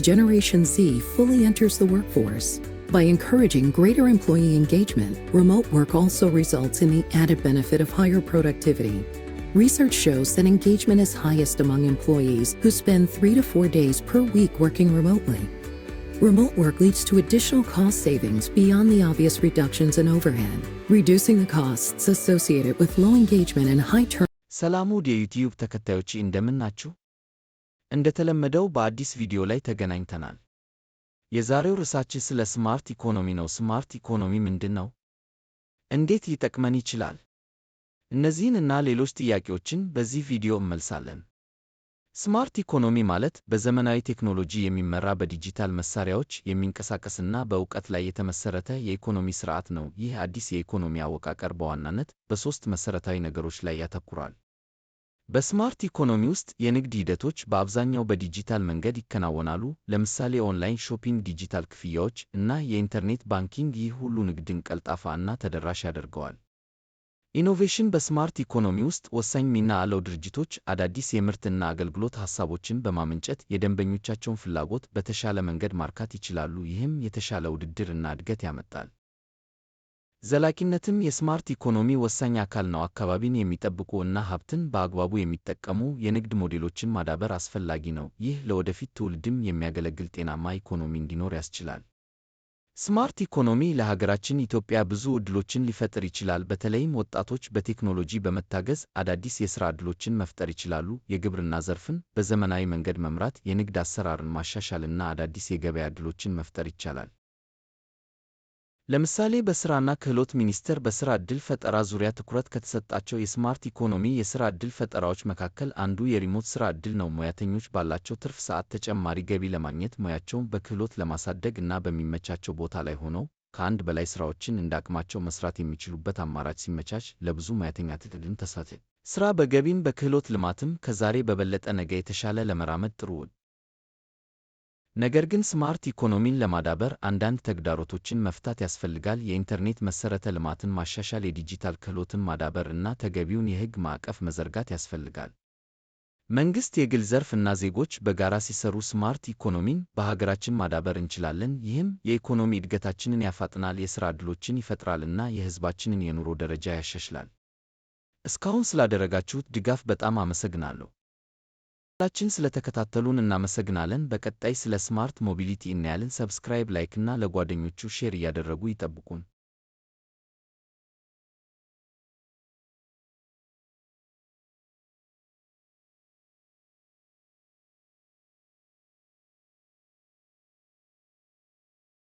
Generation Z fully enters the workforce. By encouraging greater employee engagement, remote work also results in the added benefit of higher productivity. Research shows that engagement is highest among employees who spend three to four days per week working remotely. Remote work leads to additional cost savings beyond the obvious reductions in overhead, reducing the costs associated with low engagement and high turnover. ሰላም ውድ ተከታዮች እንደምን ናችሁ? እንደተለመደው በአዲስ ቪዲዮ ላይ ተገናኝተናል። የዛሬው ርዕሳችን ስለ ስማርት ኢኮኖሚ ነው። ስማርት ኢኮኖሚ ምንድን ነው? እንዴት ሊጠቅመን ይችላል? እነዚህን እና ሌሎች ጥያቄዎችን በዚህ ቪዲዮ እመልሳለን። ስማርት ኢኮኖሚ ማለት በዘመናዊ ቴክኖሎጂ የሚመራ በዲጂታል መሳሪያዎች የሚንቀሳቀስና በእውቀት ላይ የተመሰረተ የኢኮኖሚ ስርዓት ነው። ይህ አዲስ የኢኮኖሚ አወቃቀር በዋናነት በሦስት መሠረታዊ ነገሮች ላይ ያተኩራል። በስማርት ኢኮኖሚ ውስጥ የንግድ ሂደቶች በአብዛኛው በዲጂታል መንገድ ይከናወናሉ። ለምሳሌ ኦንላይን ሾፒንግ፣ ዲጂታል ክፍያዎች እና የኢንተርኔት ባንኪንግ። ይህ ሁሉ ንግድን ቀልጣፋ እና ተደራሽ ያደርገዋል። ኢኖቬሽን በስማርት ኢኮኖሚ ውስጥ ወሳኝ ሚና አለው። ድርጅቶች አዳዲስ የምርትና አገልግሎት ሐሳቦችን በማመንጨት የደንበኞቻቸውን ፍላጎት በተሻለ መንገድ ማርካት ይችላሉ። ይህም የተሻለ ውድድር እና እድገት ያመጣል። ዘላቂነትም የስማርት ኢኮኖሚ ወሳኝ አካል ነው። አካባቢን የሚጠብቁ እና ሀብትን በአግባቡ የሚጠቀሙ የንግድ ሞዴሎችን ማዳበር አስፈላጊ ነው። ይህ ለወደፊት ትውልድም የሚያገለግል ጤናማ ኢኮኖሚ እንዲኖር ያስችላል። ስማርት ኢኮኖሚ ለሀገራችን ኢትዮጵያ ብዙ ዕድሎችን ሊፈጥር ይችላል። በተለይም ወጣቶች በቴክኖሎጂ በመታገዝ አዳዲስ የሥራ ዕድሎችን መፍጠር ይችላሉ። የግብርና ዘርፍን በዘመናዊ መንገድ መምራት፣ የንግድ አሰራርን ማሻሻልና አዳዲስ የገበያ ዕድሎችን መፍጠር ይቻላል። ለምሳሌ በሥራና ክህሎት ሚኒስቴር በሥራ ዕድል ፈጠራ ዙሪያ ትኩረት ከተሰጣቸው የስማርት ኢኮኖሚ የሥራ ዕድል ፈጠራዎች መካከል አንዱ የሪሞት ሥራ ዕድል ነው። ሙያተኞች ባላቸው ትርፍ ሰዓት ተጨማሪ ገቢ ለማግኘት ሙያቸውን በክህሎት ለማሳደግ እና በሚመቻቸው ቦታ ላይ ሆነው ከአንድ በላይ ሥራዎችን እንደ አቅማቸው መሥራት የሚችሉበት አማራጭ ሲመቻች ለብዙ ሙያተኛ ትልቅ ተሳትል ሥራ በገቢም በክህሎት ልማትም ከዛሬ በበለጠ ነገ የተሻለ ለመራመድ ጥሩ ነገር ግን ስማርት ኢኮኖሚን ለማዳበር አንዳንድ ተግዳሮቶችን መፍታት ያስፈልጋል። የኢንተርኔት መሠረተ ልማትን ማሻሻል፣ የዲጂታል ክህሎትን ማዳበር እና ተገቢውን የሕግ ማዕቀፍ መዘርጋት ያስፈልጋል። መንግሥት፣ የግል ዘርፍ እና ዜጎች በጋራ ሲሰሩ ስማርት ኢኮኖሚን በሀገራችን ማዳበር እንችላለን። ይህም የኢኮኖሚ እድገታችንን ያፋጥናል፣ የሥራ ዕድሎችን ይፈጥራል እና የሕዝባችንን የኑሮ ደረጃ ያሻሽላል። እስካሁን ስላደረጋችሁት ድጋፍ በጣም አመሰግናለሁ። ላችን ስለተከታተሉን እናመሰግናለን። በቀጣይ ስለ ስማርት ሞቢሊቲ እናያለን። ሰብስክራይብ፣ ላይክና ለጓደኞቹ ሼር እያደረጉ ይጠብቁን።